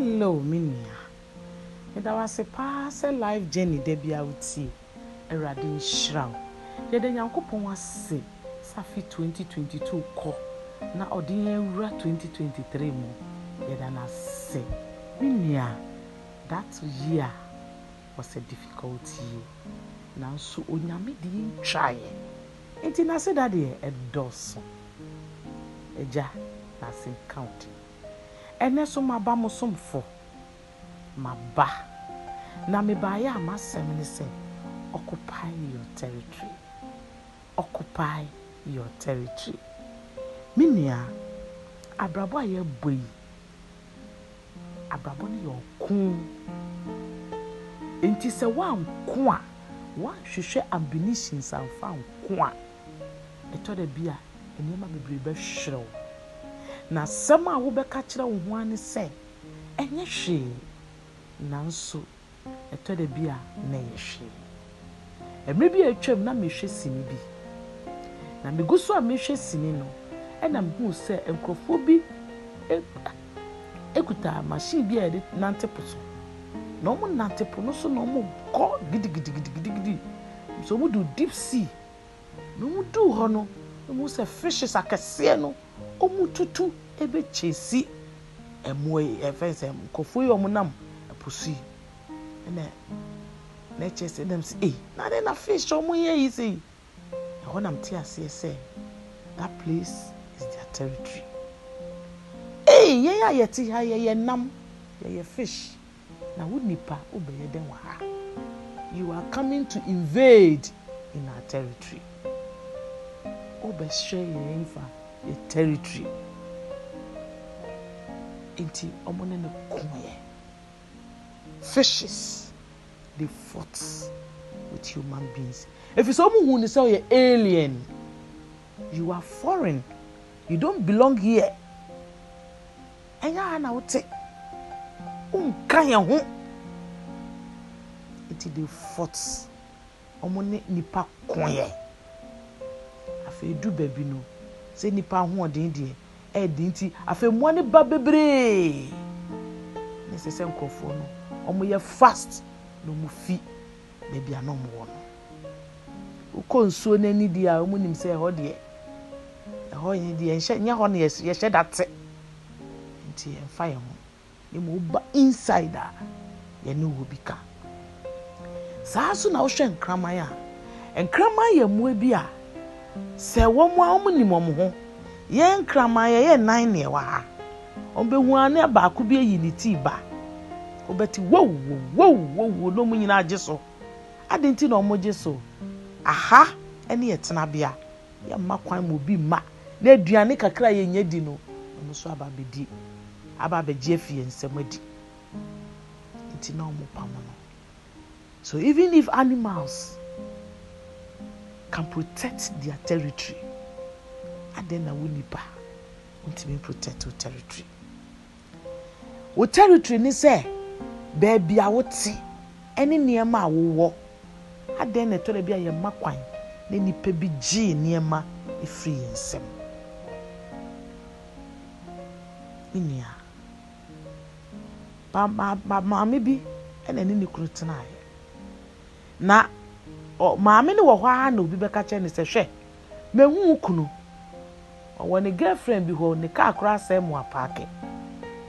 hello me nua yɛda wase paa sɛ life journey da bia wotie awurade nhyira wo yɛda nyankopɔn ase safi 2022 kɔ na ɔde yɛn awura 2023 mu yɛda no ase me nua that year was a difficult year nanso onyame de yɛn twaeɛ nti n'ase dadeɛ ɛdɔɔso agya n'ase nka wo din ɛnɛ so maba mo somfo maba na mebaeɛ a masɛm ne sɛ occupy your territory occupy your territory me nua abrabɔ a yɛbɔ yi abrabɔ no yɛ ɔko nti sɛ woanko a woanhwehwɛ ambinisins amfa nko a ɛtɔ da bi a nneɛma bebree bɛhwerɛw na asɛm a wobɛka kyerɛ wo ho ane sɛ ɛnyɛ hwee nanso ɛtɔ da bi a na ɛyɛ hwee mmerɛ bi a atwam na mehwɛ sini bi na megu so a mehwɛ sini no ɛna mehuu sɛ nkurɔfoɔ bi ekuta machine bi a yɛde nante po so na wɔn nante po no so na wɔn kɔ gidigidigidigidi nso wɔn do deep sea na wɔn hɔ no. ɛmu sɛ fishes akɛseɛ no ɔmu tutu ɛbɛkyɛsi ɛmoa yi ɛfɛ sɛ nkɔfoɔ yi ɔmo nam ɛpo so yi ɛnna sɛ ɛnam sɛ ee na na fish ɔmo yɛ yi sɛ ɛhɔ nam te aseɛ sɛ that place is their territory ee yɛn a yɛte ha yɛyɛ nam yɛyɛ fish na wo nipa wobɛyɛ dɛn wɔ ha you are coming to invade in our territory ɔbɛhyɛ yɛn fa yɛ territory nti ɔmo ne no kɔnɛ fishes they fought with human beings efi sɛ ɔmo hu ne sɛ ɔyɛ alien you are foreign you don't belong here ɛnyɛ ha na wote nka yɛn ho nti they fought ɔmo ne nipa kɔnɛ afei du baabi no sɛ nipa ahoɔden deɛ ɛɛdi nti afei mmoa ne ba bebree ne sɛ sɛ nkurɔfoɔ no wɔn yɛ fast na wɔn fi baabi a na wɔn wɔ no wokɔ nsuo n'ani deɛ a wɔn nim sɛ ɛhɔ deɛ ɛhɔ yɛ deɛ nhyɛ nyɛ hɔ no yɛhyɛ date nti yɛmfa yɛn ho na mu ba inside a yɛne wɔ bi ka saa so na wohwɛ nkraman a nkraman yɛ mmoa bi a. sɛ wɔn a wɔn nim wɔn ho yɛn nkraman yɛyɛ nan na ɛwɔ ha wɔn a baako bi ayi ne tii ba wɔbɛti wow wow wow na wɔn nyinaa agye so adi nti na wɔn gye so aha ɛne yɛ tenabea yɛ mma kwan mu obi mma na aduane kakra yɛ nyɛ di no wɔn nso aba abɛdi aba abɛgye can protect their territory adan na wo nipa ntumi protect wo territory wo territory ni sɛ beebi a wote ɛne nneɛma a wowɔ adan na ɛtɔ bi a yɛn mma kwan na nipa bi gyee nneɛma efiri yɛn nsam nnua ba ma ma maame bi ɛna ne ne kunu tenaeɛ na. maame no wɔ hɔ ara na obi bɛka kyerɛ no sɛ hwɛ mehu kunu ɔwɔ ne girlfriend bi hɔ ne kaa koraa sɛ mu apaake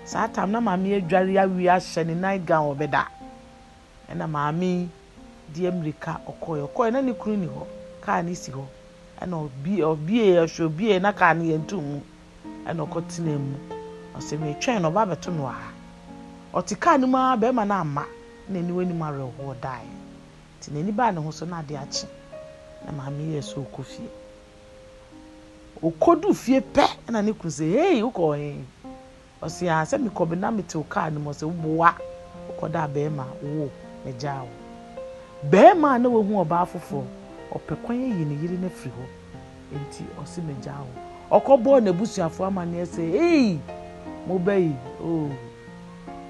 saa tam na maame adware awie ahyɛ ne night gown bɛda ɛna maame deɛ mmirika ɔkɔɛ ɔkɔɛ na ne kunu ni hɔ kaa ne si hɔ ɛna ɔbie ɔbie ɔhwɛ obie na kaa ne yɛn tum mu ɛna ɔkɔtena mu ɔsɛ metwɛn na ɔba abɛto no aha ɔte kaa no mu ara bɛrima no ama na aniwa anim awerɛhoɔ daeɛ nti na baa ne ho so adi akye na maame yi so okɔ fie okɔdu fie pɛ ɛna ne kuru sɛ hey wokɔ hɛn ɔsi a ah, sɛ mekɔ bi na metew kaa no mu sɛ woboa wokɔ da bɛrima wo ne gyaa wo bɛrima na wahu ɔbaa foforɔ ɔpɛ kwan ayi ne yere no afiri hɔ nti ɔsi ne gyaa wo ɔkɔbɔɔ ama amanneɛ sɛ hey mo bɛyi oo oh.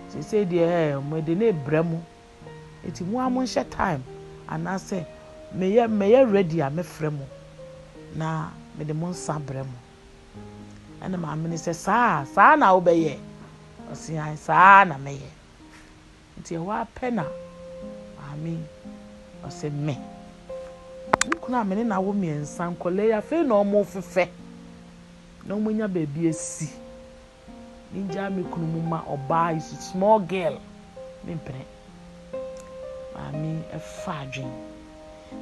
sese deɛ ɛɛ mo de ne brɛ mo eti mo a nhyɛ time. anaasɛ meyɛ meyɛ ready a mefrɛ mo na mede mo nsa brɛ mo ɛna maame no sɛ saa saa na wobɛyɛ ɔsi an saa na mɛyɛ nti ɛwɔ apɛ na maame ɔsɛ mɛ nkuna a mene na awo mmiɛnsa nkɔlɛ yi afei na ɔmo fefɛ na ɔmo nya beebi esi ne gya me kunu mu ma ɔbaa yi so small girl ne mpene. maame ɛfa adwene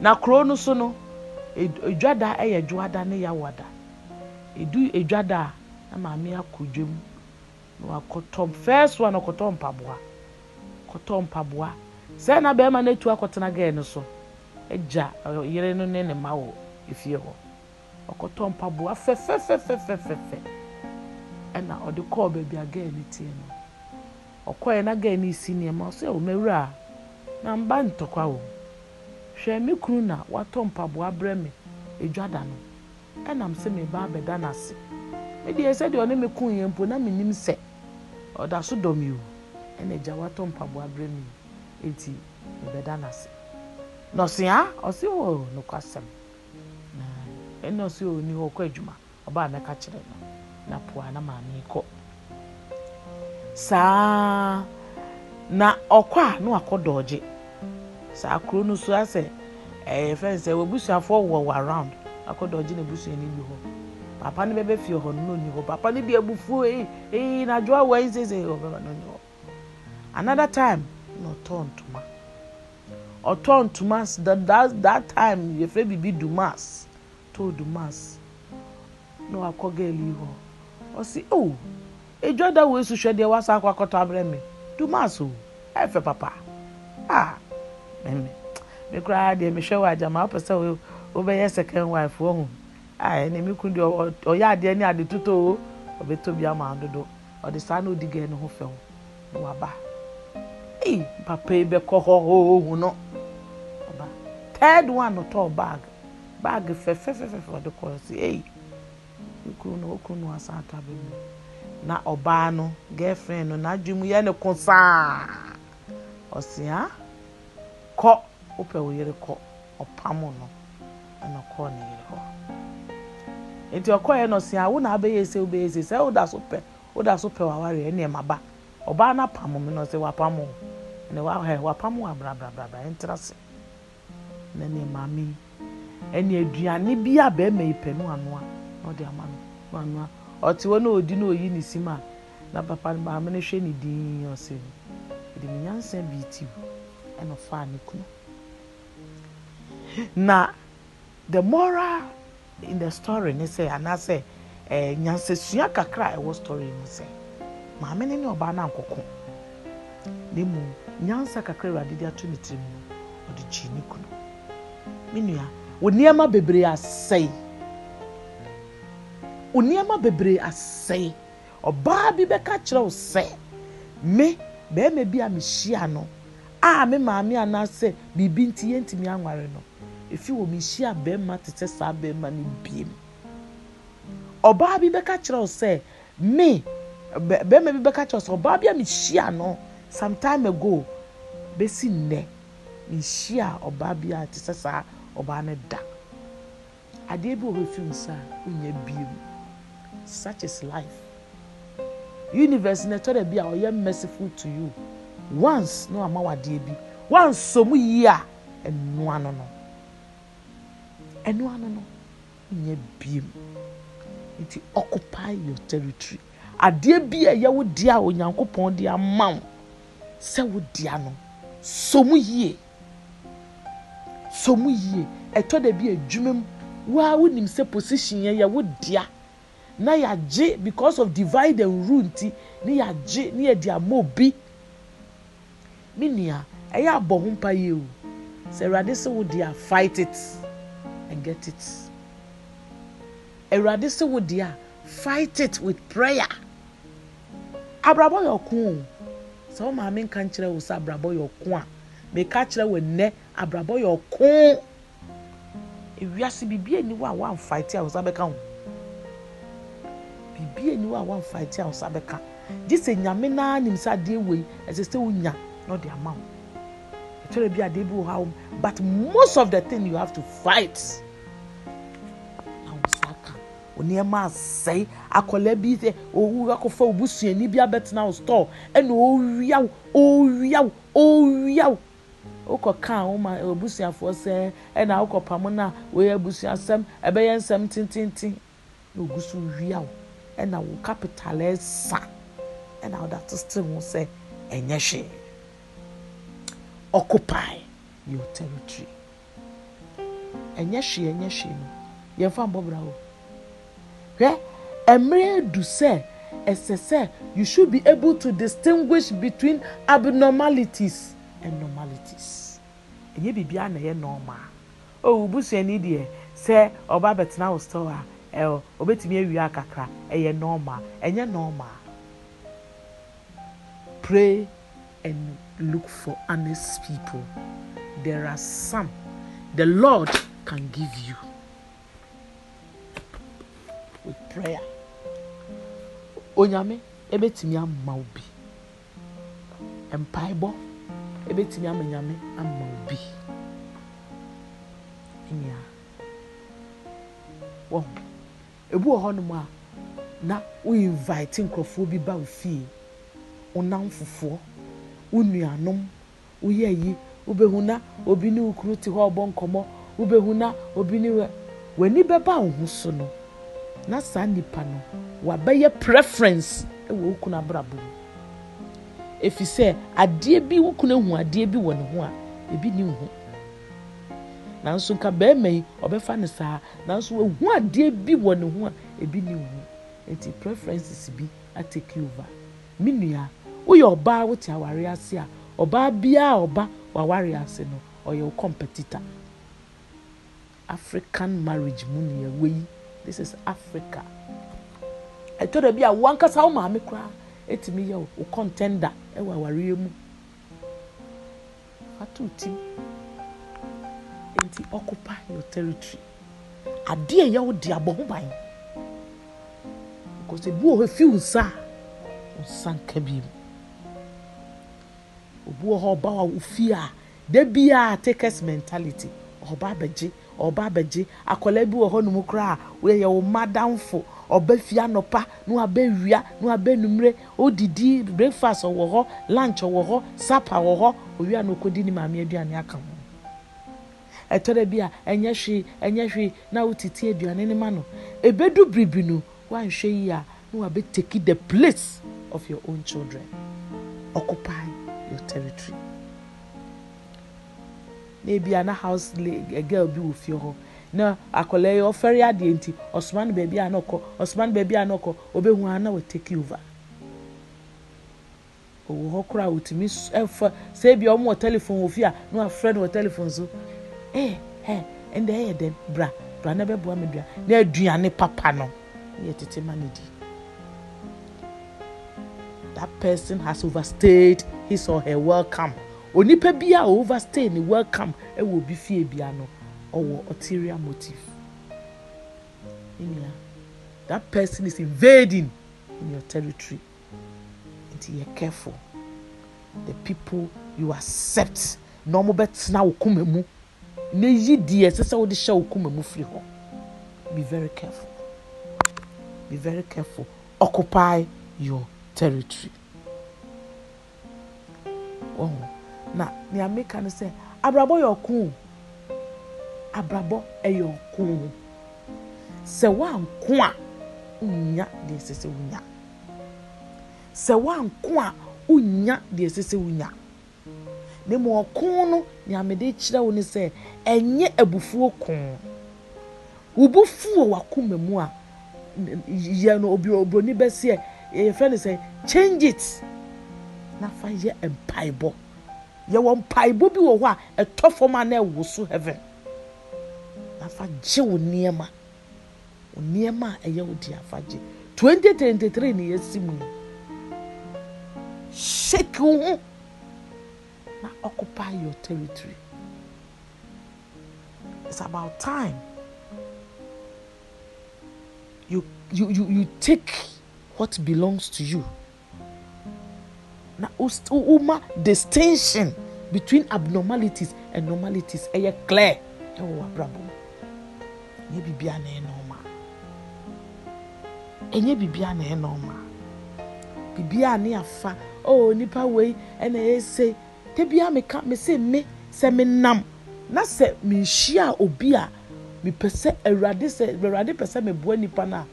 na kuro no so no edwada ɛyɛ dwada ne yawada edu edwada a na maame akɔ dwam na wakɔtɔ first one ɔkɔtɔ mpaboa kɔtɔ mpaboa sɛɛ na bɛrima no etu akɔtena gɛɛ no so egya yere no ne ne ma wɔ efie hɔ ɔkɔtɔ mpaboa fɛfɛfɛfɛfɛfɛ ɛna ɔde kɔɔ baabi a gɛɛ no tie no ɔkɔɛ na gɛɛ no esi nneɛma ɔsɛ ɔmɛwura a. na mba ntọkwa wɔ mu me kunu na watọ mpaboa brɛ me edwa da no ɛnam sɛ me ba abɛda n'ase mede yɛ dị ɔne m kun yɛ mpo na m nim sɛ ɔda so dɔ mi ɛna gya watọ mpaboa brɛ me eti mebɛda n'ase na ɔsi ha ɔsi wɔ nokwasɛm na ɛna ɔsi wɔ ni hɔ kɔ adwuma ɔbaa kyerɛ no na poa na maame kọ. saa. na ɔkɔ a na wakɔ dɔɔgye saa kuro no so asɛ ɛyɛ fɛn sɛ wabusuafoɔ wɔ wɔ around na busuani bi hɔ papa no bɛbɛ fie hɔ no papa no bi abufuo eyi eyi n'adwo awɔ ayi sese hɔ bɛbɛ no hɔ another time na ɔtɔ ntoma ɔtɔ ntoma that that that time yɛfrɛ bibi dumas too dumas na wakɔ gɛɛli hɔ ɔsi o oh, edwa da wo esu hwɛ deɛ akɔ akɔtɔ abrɛ dumaso ɛfɛ papa a mɛmɛ me koraa deɛ mehwɛ wɔ agyama wopɛ sɛ wobɛyɛ second wife wɔ ho a ɛne me kun deɛ ɔyɛ adeɛ ne ade toto o ɔbɛtɔ bi ama dodo ɔde saa na odi gɛɛ ne ho fɛ ho na waba ei papa yi bɛkɔ hɔ hoho no ɔba third one no tɔɔ bag bag fɛfɛfɛfɛ ɔde kɔɔ si ei okunu no okunu no asan ata bɛ mi. na ọbaa no girlfriend no n'adwe yɛ ne ko saa ɔsi kɔ wopɛ wo yere kɔ ɔpam no ɛna ne yere hɔ nti ɔkɔɛ no wo na abɛyɛ ese wobɛyɛ ese sɛ woda so pɛ woda so pɛ ɛne ɛma ba ɔbaa no apam mu no ɔsɛ wapam wahɛ wapam se na ne maame ɛne aduane bi a bɛrima yi pɛ no anoa na ɔde ama no ɔte hɔ na odi na oyi ne sim a na papa no maame no hwɛ ne din ɔsɛ ɛde me nyansa bi ti wo ɛna ɔfaa ne kunu na the moral in the story ne sɛ anaasɛ ɛɛ nyansasua kakra a ɛwɔ story mu sɛ maame no ne ɔbaa na ankɔko na mu nyansa kakra awurade de ato ne tirim no ɔde kyi ne kunu me nua wɔ nneɛma bebree asɛe. wo nneɛma bebree asɛe ɔbaa bi bɛka kyerɛ wo sɛ me bɛrima bi a mehyia no a me maame anaasɛ biribi nti yɛntumi anware no efi wɔ mehyia bɛrima te sɛ saa bɛrima no biem ɔbaa bi bɛka kyerɛ wo sɛ me bɛrima bi bɛka kyerɛ wo sɛ ɔbaa bi a mehyia no some ago bɛsi nnɛ mehyia ɔbaa bi a te sɛ saa ɔbaa no da adeɛ bi wɔ hɔ fi mu wonya biem such is life universe na ɛtɔ dɛ bi a ɔyɛ merciful to you once na wama wadeɛ bi once so mu yie a ɛnoa no no ɛnoa no no nyɛ biem nti occupy your territory adeɛ bi a ɛyɛ wo deɛ a onyankopɔn di ama wo sɛ wo deɛ no so mu yie so mu yie ɛtɔ dɛ bi adwuma mu waa wonim sɛ position yɛ yɛ wo deɛ na yɛagye because of divide and rule nti ne yɛagye ne yɛde ama obi me nua ɛyɛ abɔ ho mpa yie o sɛ awurade sɛ wo fight it and get it awurade sɛ wo deɛ fight it with prayer abrabɔ yɛ ɔko o sɛ wo maame nka nkyerɛ wo sɛ abrabɔ yɛ ɔko a meka kyerɛ wo nnɛ abrabɔ yɛ ɔko ewiase biribi eni wo a wɔn a fight a wɔn nsa bɛka ho biribi eni wa wan fight a ɔsa bɛka gye sɛ nyame naa nim sɛ adeɛ wei ɛsɛ sɛ wonya na ɔde ama wo ɛtwerɛ bi adeɛ bi wɔ ha but most of the thing you have to fight na wo sa ka onneɛma asɛe akɔla bi sɛ owu akɔfa obusuani bi abɛtena wo store ɛna owia wo owia wo owia wo wokɔ kaa woma abusuafoɔ sɛ ɛna wokɔ pam na wɔyɛ abusuasɛm ɛbɛyɛ nsɛm tententen na ogu so wia wo ɛna wo capital ɛsa ɛna wɔde atete ho sɛ ɛnyɛ hwee occupy your territory ɛnyɛ hwee ɛnyɛ hwee no yɛmfa mbɔbra o hwɛ mmerɛ edu sɛ ɛsɛ sɛ you should be able to distinguish between abnormalities and normalities ɛnyɛ biribiara na ɛyɛ normal o busuani deɛ sɛ ɔba abɛtena wo store a ɛwɔ obetumi awia kakra ɛyɛ normal ɛnyɛ normal pray and look for honest people there are some the lord can give you with prayer onyame ebetumi ama obi mpaebɔ ebetumi ama nyame ama obi nyinaa wɔn. Ebu wɔ hɔnom a na woinvite nkurɔfoɔ bi ba ofie ụnam fufuo nam anụm wo nuanom woyɛ na obi ne wo kunu te hɔ ɔbɔ nkɔmmɔ na obi ne w'ani bɛba wo ho so no na saa nipa no wabɛyɛ preference wɔ wo kunu abrabɔ mu ɛfiri sɛ adeɛ bi wo kunu hu adeɛ bi wɔ ne ho a ebi ne ho nanso nka bɛrima yi ɔbɛfa ne saa nanso ehu adeɛ bi wɔ ne ho a ebi ne hu nti preferences bi atake over me nua woyɛ ɔbaa wote aware ase a ɔbaa biara ɔba waware ase no ɔyɛ wo competitor african marriage mu ne ɛwɔ yi this is africa ɛtɔ dɛ bi a wankasa wo maame koraa etumi yɛ wo contender ɛwɔ awareɛ mu fatu ti nti occupy your territory adeɛ yɛ wo de abɔ ho ban because ebi wɔ hɔ efi nsa a nsa nka bi mu obi wɔ hɔ ɔba wɔ fi a debi a takers mentality ɔba abɛgye ɔba abɛgye akɔla bi wɔ hɔ nom koraa wɔyɛ wɔn madamfo ɔbɛ fi anɔpa na wabɛ wia na wabɛ numre odidi breakfast ɔwɔ hɔ lunch ɔwɔ hɔ supper ɔwɔ hɔ owia na okodi ne maame aduane aka ho. ɛtɔrɛ bi a ɛnyɛ hwee ɛnyɛ hwee na wotete aduane ne ma no ebedu biribi no wanhwɛ yi a na wabe take the place of your own children occupy your territory na ebi a na house girl bi wɔ fie hɔ na akwadaa yi ɔfɛre adeɛ nti ɔsoma no beebi a na ɔkɔ ɔsoma no beebi a na ɔkɔ obehu a na wɔ ova over owó hɔ koraa wotumi ɛfa sɛ ebi ɔmo wɔ telephone wɔ fie a na wafrɛ no wɔ telephone so. ɛɛ ɛɛ ɛnna ɛyɛ dɛ bra bra na bɛboa mi dua na aduane papa no yɛ tete ma ne di that person has overstayed his or her welcome onipa bi a overstay ne welcome ɛwɔ obi fie bia no ɔwɔ ulterior motive nnua that person is invading in your territory nti yɛ careful the people you accept na ɔmo bɛ tena wɔ mu na yi deɛ ɛsɛ sɛ wɔde hyɛ wɔn kɔn mu firi hɔ be very careful be very careful occupy your territory oh. na nea meka no sɛ abrabɔ yɛ ɔko abrabɔ ɛyɛ ɔko sɛ wanko a wonya deɛ ɛsɛ sɛ wonya sɛ wanko a wonya deɛ ɛsɛ sɛ wonya na mmom ɔko no nea mede kyerɛ wo ne sɛ ɛnyɛ abufuo koo wo bo fu wɔ wakoma mu a yɛ no obi obroni bɛseɛ yɛfrɛ no sɛ change it na fa yɛ mpaebɔ yɛwɔ mpaebɔ bi wɔ hɔ a ɛtɔ fam a na so heaven na fa gye wo nneɛma wo nneɛma a ɛyɛ wo deɛ afa gye 2023 na yɛsi mu shake wo ho Now occupy your territory. It's about time you, you, you, you take what belongs to you. Now, Uma distinction between abnormalities and normalities ɛyɛ clear ɛwɔ w'abrabɔ mu ɛnyɛ biribi a normal ɛnyɛ biribi a na normal biribi a ne afa oh nipa wei ɛna ɛyɛ sei pɛ biara meka mese me sɛ menam na sɛ menhyia obi a mepɛ sɛ awurade sɛ awurade pɛ sɛ meboa nipa no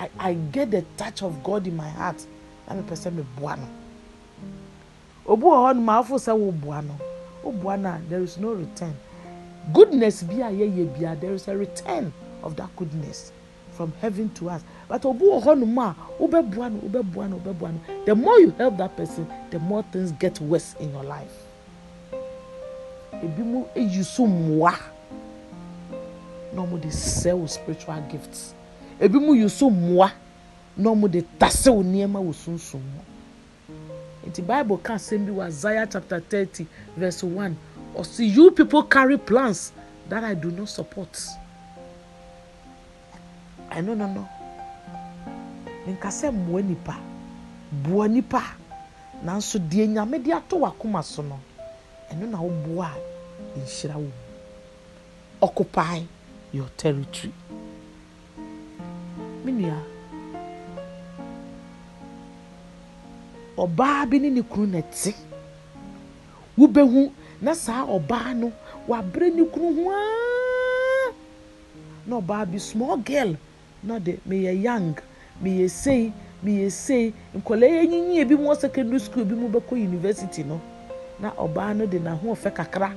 a I, get the touch of God in my heart na mepɛ sɛ meboa no obi wɔ hɔ no afo sɛ woboa no woboa no a there is no return goodness bi a yɛyɛ bia there is a return of that goodness from heaven to us but Obu wɔ hɔnom a wobɛboa no wobɛboa no wobɛboa no the more you help that person the more things get worse in your life ebi mu eyi so mmoa na wɔn de sell spiritual gifts ebi mu yi so mmoa na wɔn de tasew nneɛma wɔ sunsun mu nti bible ka asɛm bi wɔ isaiah chapter thirty verse one ɔsi you people carry plans that i do not support. ɛno no no nka sɛ mmoa nipa boa nipa nanso deɛ nyame de ato wakoma so no ɛno na woboa a nhyira wɔ mu occupy your territory me nua ɔbaa bi ne ne kunu na te wobɛhu na saa ɔbaa no wabrɛ ne kunu ho aa na ɔbaa bi small girl na de meyɛ young meyɛ sei meyɛ sei nkɔlaa yɛ nyinyi ebi mu wɔ secondary school bi mu bɛkɔ university no na ɔbaa no de n'ahoɔfɛ kakra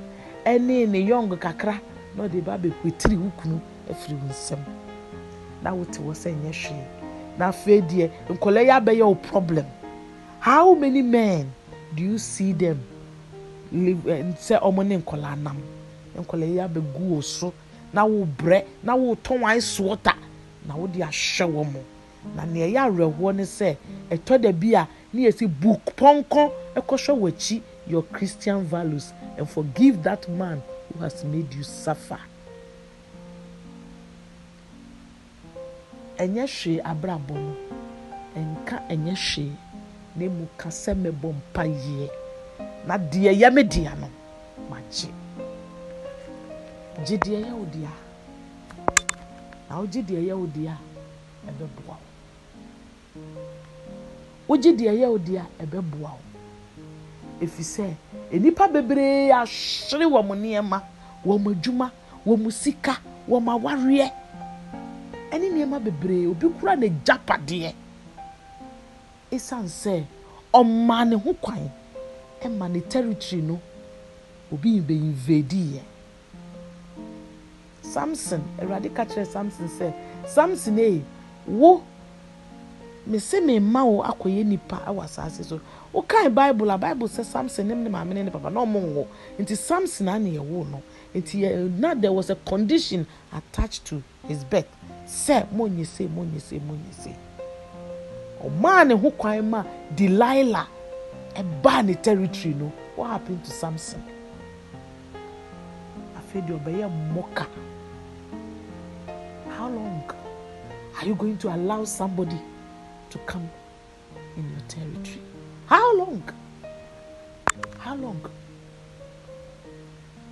ɛne ne young kakra na ɔde ba abɛhwetiri wo kunu afiri wo nsam na wote wɔ sɛ nyɛ hwee na afei deɛ nkɔlaa yɛ abɛyɛ wo problem how many men do you see them live eh, sɛ wɔn ne nkɔlaa nam nkɔlaa yɛ abɛgu wɔ so na wo brɛ na wo tɔn ice water. na wode ahyɛ wɔn mo na nea ɛyɛ awerɛhoɔ ne sɛ ɛtɔ da bi a ne yɛsi book pɔnkɔ ɛkɔhwɛ w'akyi your christian values and forgive that man who has made you suffer. ɛnyɛ hwee abrabɔ no nka ɛnyɛ hwee na emu kasa mɛbɔ mpa yie na deɛ yɛ me dea no magye gye deɛ yɛ wo dea na wogye deɛ ɛyɛ wo deɛ a ɛbɛboa wo wogye deɛ ɛyɛ wo deɛ a ɛbɛboa wo ɛfiri sɛ nnipa bebree ahwere wɔn nneɛma wɔn adwuma wɔn sika wɔn awareɛ ɛne nneɛma bebree obi kura ne gyapadeɛ ɛsiane sɛ ɔmaa ne ho kwan ɛma ne territory no obi bɛyinvadiiɛ samson awurade ka kyerɛ samson sɛ samson ee wo mese me mma wo akɔyɛ nipa wɔ asase so wokae bible a bible sɛ samson ne ne maame ne ne papa na ɔmo nwo nti samson a ne yɛwo no nti yɛ na there was a condition attached to his birth sɛ monyɛ se monyɛ se monyɛ se ɔmaa ne ho kwan ma delilah ɛbaa ne territory no what happened to samson afei deɛ ɔbɛyɛ mmɔka how long are you going to allow somebody to come in your territory? How long? How long?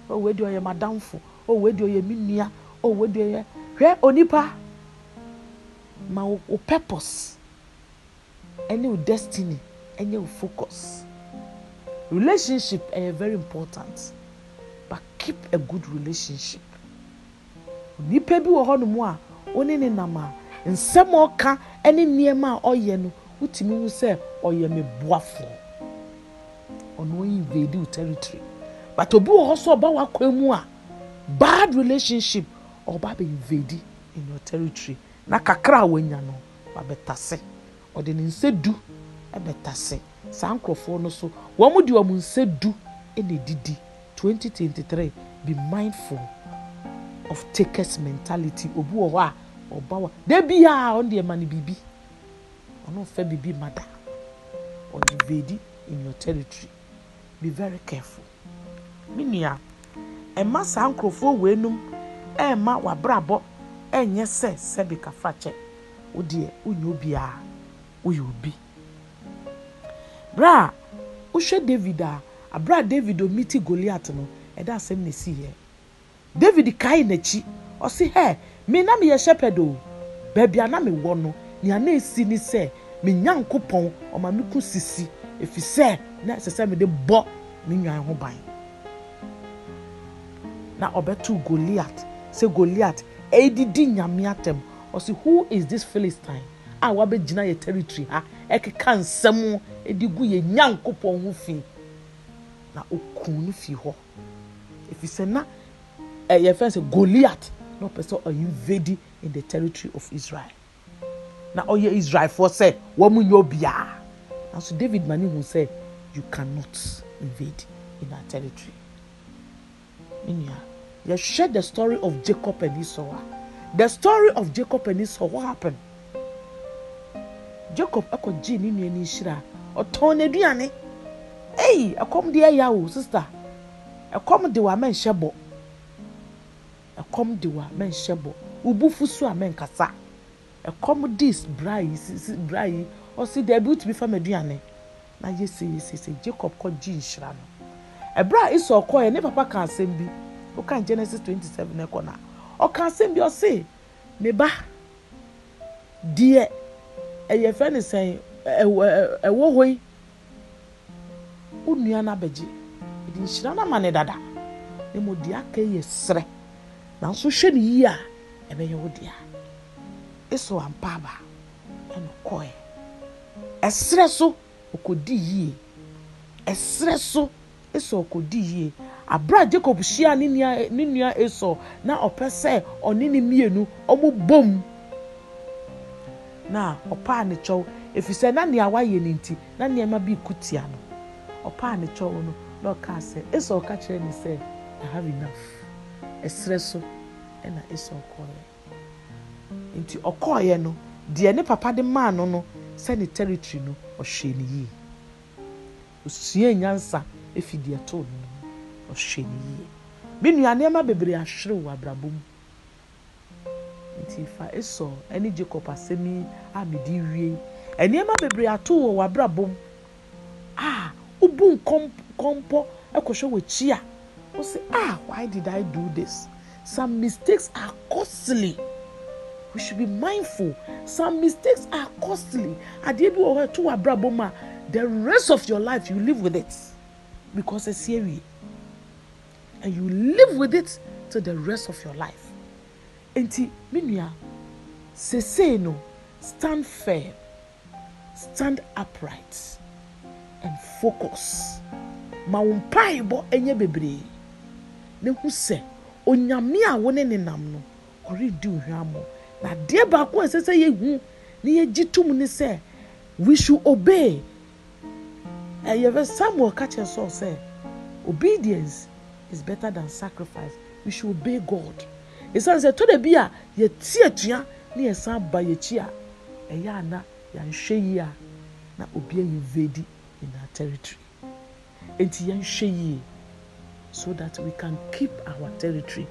Oh, where do Owe di oyè madamfo, owe di oyè mi Oh, where do oyè oh, Where onipa ma o purpose any destiny any focus. Relationship is eh, very important but keep a good relationship. nipa bi wɔ hɔnom a ɔne ne nam a nsɛm a ɔka ne nneɛma a ɔyɛ no wotumi hu sɛ ɔyɛ meboafo ɔno ɔyi invade wo territory but obi wɔ hɔ so ɔba wakɔ mu a bad relationship ɔba bɛ invade in your territory na kakra a wanya no wabɛtase ɔde ne nsa du ɛbɛtase saa nkurɔfoɔ no so wɔn de wɔn nsa du na edidi 2023 be mindful. of takers mentality obi wɔ hɔ a ɔba wa debi a ɔno deɛ ma no biribi ɔno fɛ biribi ma da ɔde vedi in your territory be very careful me nua ɛma saa nkurɔfoɔ wɔ enum ɛma wabrabɔ ɛnyɛ sɛ sɛbi kafa kyɛ o deɛ wonyɛ obi a woyɛ obi bra a wohwɛ david a abra david omiti goliath no ɛda asɛm na esi yɛ david kae n'akyi ɔsi hɛ mi nam yɛ shepherd o beebi a nam wɔ no nea na esi ni sɛ mi nyanko pɔn ɔma mi ko sisi efi sɛ na ɛsɛ sɛ mi de bɔ mi nwan ho ban na ɔbɛtu goliath sɛ goliath edidi nyame atam ɔsi who is this philistine a wabɛgyina yɛ territory ha ɛkeka nsɛm edi gu yɛ nyanko pɔn ho fi na okun no fi hɔ efi sɛ na. Eh, yɛfrɛ sɛ goliath na ɔpɛ sɛ invade in the territory of israel na ɔyɛ israelfoɔ sɛ wɔn nyɛ obiara nanso david mani hu sɛ you cannot invade in our territory nua yɛhwɛ the story of jacob and esau the story of jacob and esau what happened jacob ɛkɔ gye ne nua ne nhyira ɔtɔn n'aduane ɛyi ɛkɔm deɛ ɛyɛ awo sista ɛkɔm de wa mɛnhyɛ bɔ ɛkɔm de wa mɛnhyɛ bɔ ubufu so a mɛnkasa ɛkɔm dis bra yi sisi bra yi ɔsi dɛbi wotumi fam aduane na yɛsɛ yɛsɛ yɛsɛ jacob kɔ gye nhyira no ɛbra esau kɔ yɛ ne papa ka asɛm bi ɔka genesis twenty seven ɛkɔ na ɔka asɛm bi ɔsi ne ba deɛ ɛyɛ fɛn ne sɛn ɛwɔ ɛwɔ hɔ yi onua n'abɛgye ɛdi nhyira n'ama ne dada ne mo deɛ aka yɛ srɛ. nanso hwɛ ne yie a ɛbɛyɛ wo dea eso ampaaba ɛna kɔɛ ɛsrɛ so ɔkɔdi yie ɛsrɛ so eso ɔkɔdi yie abra jacob hyia ne nua ne nua eso na ɔpɛ sɛ ɔne ne mmienu ɔmo bom na ɔpaa ne kyɛw efisɛ na nea wayɛ ne nti na nneɛma bi ku tia no ɔpaa ne kyɛw no na ɔkaa sɛ eso ɔka kyerɛ ne sɛ i have enough. ɛsrɛ so ɛna esau kɔɔeɛ nti ɔkɔɔeɛ no deɛ ne papa de maa no no sɛ ne territory no ɔhwɛ ne yie osua nyansa efi deɛ too no no ɔhwɛ ne yie me nua nneɛma bebree ahwere wɔ abrabɔ mu nti fa esau ɛne jacob asɛm yi a me de wie nneɛma bebree ato wɔ wɔ abrabɔ mu a wobu nkɔmpɔ ɛkɔhwɛ wɔ akyi a. o say ah why did i do this some mistakes are costly we should be mindful some mistakes are costly adeɛ bi wɔ hɔ ɛto the rest of your life you live with it because it's awie and you live with it to the rest of your life nti me nua sesei no stand firm stand upright and focus ma wo mpaebɔ nyɛ bebree na ehu sɛ onyame a wɔne ne nam no ɔredi ohwamɔ na adeɛ baako a ɛsɛ sɛ yɛhu na yɛgye tom ne sɛ we should obey ɛyɛ bɛ samuel ka kyerɛ sɔɔ sɛ obedience is better than sacrifice we should obey god esan sɛ tɔdɛ bi a yɛti atua ne yɛsan ba yɛkyi a ɛyɛ ana yɛnhwɛ yie a na obi ayɛ vedi in our territory eti yɛnhwɛ yie so that we can keep our territory.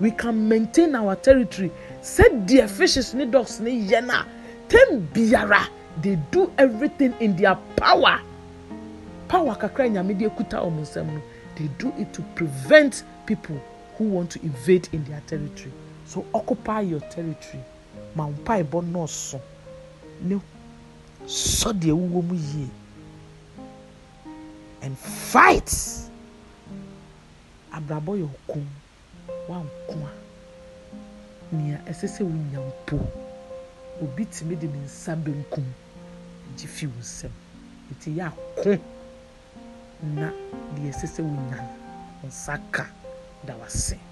We can maintain our territory. Set their fishes, ni dogs, ni yena. ten biara. They do everything in their power. Power kakra nyame de kuta omo nsam They do it to prevent people who want to invade in their territory. So occupy your territory. Ma mpa ebo no so. Ne so de wo mu yie. And fight abrabɔ yɛ ɔko wanko a nea ɛsɛ sɛ wonya mpo obi tumi de ne nsa benkum gye fi wo nsam nti yɛ ako na deɛ ɛsɛ sɛ wonya no nsa ka da wase